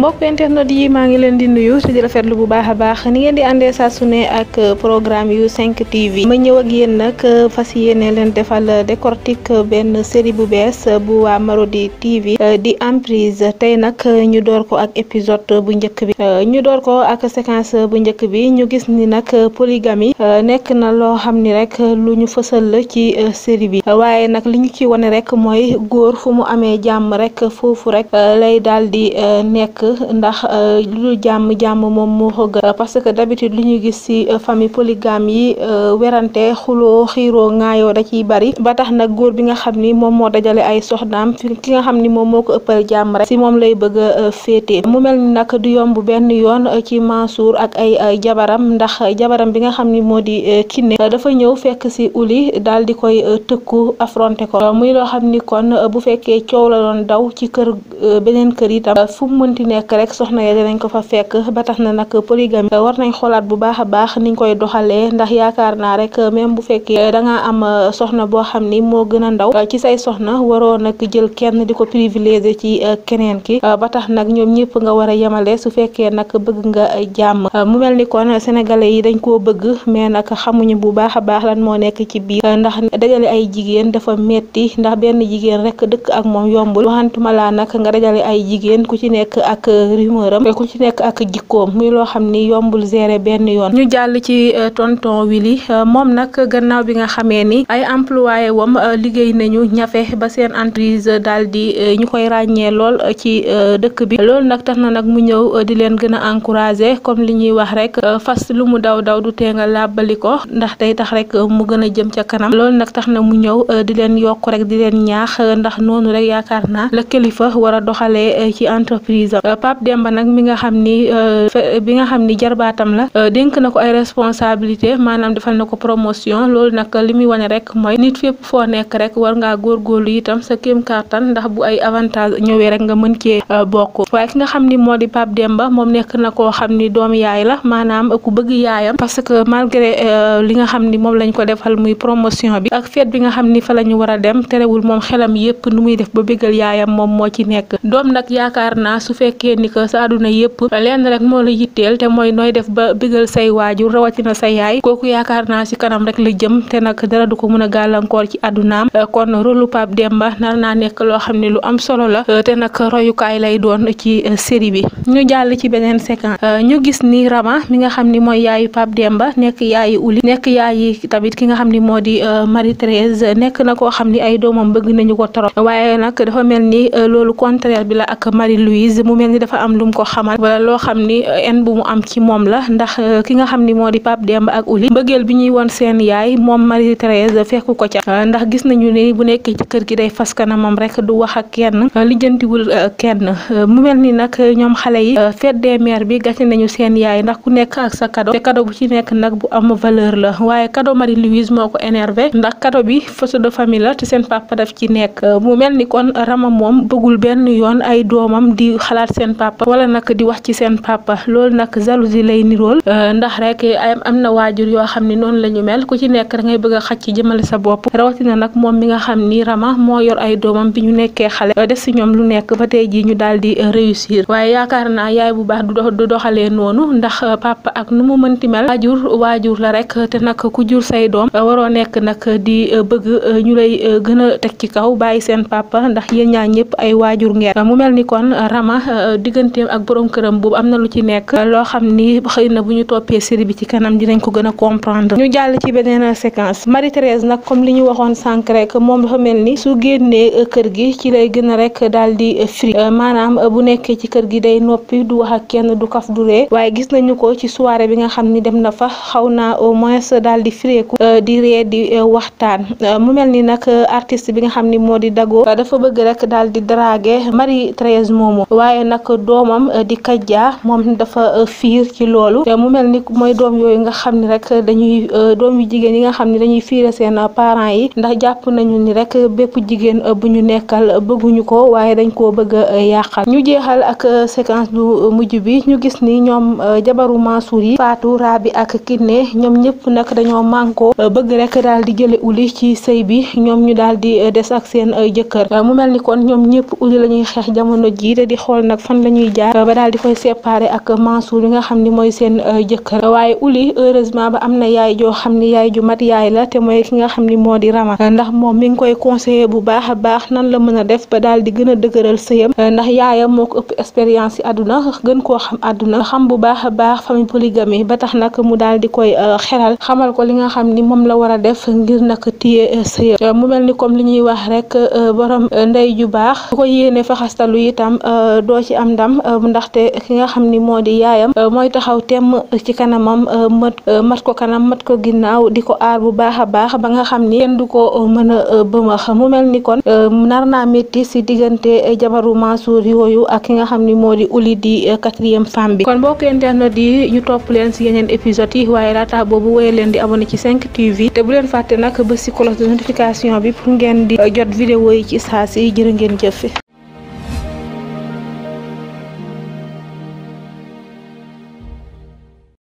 mbokk internet yi maa ngi leen di nuyu si di rafetlu bu baax a baax ni ngeen di àndee saa su ak programme yu 5 TV ma ñëw ak yéen nag fas yéene leen defal décortique benn série bu bees bu waa maro Marodi TV di emprise tey nag ñu door ko ak épisode bu njëkk bi ñu door ko ak séquence bu njëkk bi ñu gis ni nag polygamie nekk na loo xam ni rek lu ñu fësal la ci série bi waaye nag li ñu ci wane rek mooy góor fu mu amee jàmm rek foofu rek lay daal di nekk. ndax euh, lu jàmm jàmm moom moo ko gën parce que d'habitude li ñu gis ci euh, famille polygame yi euh, werante xuloo xiiroo ŋaayoo da ciy bari ba tax nag góor bi nga xam ni moom moo dajale ay soxnaam ki nga xam ni moom moo ko ëppal jàmm rek ci moom lay bëgg a féete mu mel ni nag du yomb benn yoon ci Mansour ak ay jabaram ndax jabaram bi nga xam ni moo di Kiné dafa ñëw fekk ci Uli daal di koy tëkku affronté ko muy loo xam ni kon bu fekkee coow la daw ci kër beneen kër nek rek soxna ya dinañ ko fa fekk ba tax na nag polygamie war nañ xolaat bu baaxa baax niñ koy doxale ndax yaakar na rek même bu fekkee da nga am euh, soxna bo xamni mo gëna ndaw euh, ci say soxna waro nak jël kenn di ko ci euh, keneen ki ba tax nak ñom ñepp nga wara a su fekke nak bëgg nga jàmm mu melni ni kon sénégalais yi dañ ko bëgg mais nak xamuñu bu baaxa baax lan mo nekk ci biir ndax dajale ay jigéen dafa metti ndax benn jigéen rek dëkk ak mom yombul waxantuma la nak nga dajale ay jigéen ku ci nekk ak rumeur am ku ci nekk ak jikkoom muy loo xam ni yombul gérer benn yoon ñu jàll ci euh, tonton Willy euh, moom nag gannaaw bi nga xamee ni ay employé woom euh, liggéey nañu ñafe ba seen entreprise daal di ñu koy ràññee lool ci dëkk bi loolu nag tax na nag mu ñëw di leen gën a encouragé comme li ñuy wax rek fas lu mu daw daw du tee nga làbbali ko ndax tey tax rek mu gën a jëm ca kanam loolu nag tax na mu ñëw di leen yokk rek di leen ñaax ndax noonu rek yaakaar naa la Pape Demba nag mi nga xam ni euh, bi nga xam ni jarbaatam la euh, denk na ko responsabilité maanaam defal na ko promotion loolu nag li muy wane rek mooy nit fépp foo nekk rek war ngaa góorgóorlu itam sa kéem kàttan ndax bu ay avantage ñëwee rek nga mën cee euh, bokk waaye ki nga xam ni moo di Pape Demba moom nekk na koo xam ni doom yaay la maanaam ku bëgg yaayam parce que malgré li nga xam ni moom lañ ko defal muy promotion bi ak fête bi nga xam ni fa la ñu war a dem terewul moom xelam yépp nu muy def ba bégal yaayam moom moo ci nekk doom nag yaakaar naa su fekkee jigéen ni que sa àdduna yëpp lenn rek moo la yitteel te mooy nooy def ba bigal say waajur rawatina sa yaay kooku yaakaar naa si kanam rek la jëm te nag dara du ko mën a gàllankoor ci àddunaam eh, kon rôlu Pape Demba nar naa nekk loo xam ne lu am solo la eh, te nag royukaay lay doon ci eh, série bi ñu jàll ci beneen séquence ñu gis ni Rama mi nga xam ni mooy yaayu Pape Demba nekk yaayi Uli nekk yaayi tamit ki nga xam ni moo di Marie Thérèse nekk na ko xam ni ay doomam bëgg nañu ko trop dafa am lum ko xamal wala lo xamni eh, en bu mu am ci mom la ndax eh, ki nga xamni modi pap di ak Uli mbëggeel bi ñuy won seen yaay mom Marie therese fekku ko ca eh, ndax gis nañu ni bu nekk ci kër gi day fas mom rek du wax ak kenn wul kenn mu melni ni ñom xalé yi fête des mères bi gàcce nañu seen yaay ndax ku nekk ak sa cadeau te cadeau bu ci nekk nak bu am valeur la waye cadeau Marie Louise moko énervé ndax cadeau bi photo de famille la te seen papa daf ci nekk mu melni ni kon rama mom bëggul ben yoon ay domam di xalaat seen seen papa wala nag di wax ci seen papa loolu nag jalousie lay nirool euh, ndax rek am na waajur yoo xam ne noonu la ñu mel ku ci nekk da ngay bëgg a ci jëmale sa bopp rawatina nag moom mi nga xam ni Rama moo yor ay doomam bi ñu nekkee xale euh, def si ñoom lu nekk ba tey jii ñu daal euh, réussir waaye yaakaar naa yaay bu baax du doxalee noonu ndax papa ak nu mu mënti mel waajur waajur la rek te nag ku jur say doom waroo nekk nag di bëgg ñu lay gën a teg ci kaw bàyyi seen papa ndax yéen ñaa ñëpp ay waajur ngeen mu mel ni kon Rama digganteem ak borom këram boobu am na lu ci nekk loo xam ni xëy na bu ñu toppee série bi ci kanam nañ ko gën a comprendre ñu jàll ci beneen séquence Marie Thérèse nag comme li ñu waxoon sànq rek moom dafa mel ni su génnee euh, kër gi ci lay gën a rek daal di euh, fri euh, maanaam bu nekkee ci kër gi day noppi du wax ak kenn du kaf du waaye gis nañu ko ci soirée bi nga xam ni dem na fa xaw naa au moins daal di fréeku di ree di waxtaan mu mel ni nag artiste bi nga xam ni moo di dagoo dafa bëgg rek daal di draguer Marie Thérèse moomu waaye nag doomam eh, di Kaja moom dafa eh, fiir ci loolu eh, mu mel ni mooy doom yooyu nga xam ni rek dañuy doom yu jigéen yi nga xam ni dañuy fiire seen parent yi ndax jàpp nañu ni rek bépp jigéen bu ñu nekkal bëgguñu ko waaye dañ koo bëgg a yàqal ñu jeexal ak séquence bu mujj bi ñu gis ni ñoom jabaru Mansour yi Fatou Rabi ak Kiné ñoom ñëpp nag dañoo mànkoo bëgg rek dal di jële uli ci sëy bi ñoom ñu daal di des ak seen jëkkër mu mel ni kon ñoom ñëpp uli la xeex jamono fan la ñuy jaar ba daal di koy séparé ak Mansour mooy seen euh, jëkkër waaye Uli heureusement ba am na yaay joo xam ni yaay ju mat yaay la te mooy ki nga xam ni moo di Rama ndax moom mi ngi koy conseiller bu baax a baax nan la mën a def ba daal di gën a dëgëral sëyam euh, ndax yaayam moo ko ëpp expérience yi àdduna gën koo xam aduna xam bu baax a baax famille polygamie ba tax nag mu daal di koy euh, xelal xamal ko li nga xam ni moom la war a def ngir nag téye sëyam mu mel ni comme li ñuy wax am ndam euh, ndaxte ki nga xam ni moo di yaayam euh, mooy taxaw temm ci kanamam euh, mat mat ko kanam mat ko ginnaaw di ko aar bu baax a baax ba nga xam ni kenn du ko mën a bëmax mu mel ni kon nar naa métti si diggante jabaru Mansour yooyu a ki nga xam ni moo di uli di quatrième femme bi kon mbokk internet yi ñu topp leen si yeneen épisodes yi waaye laata boobu woye leen di abonné ci 5 TV te bu leen fàtte nag ba si de notification bi pour ngeen di jot vidéo yi ci saa si jëf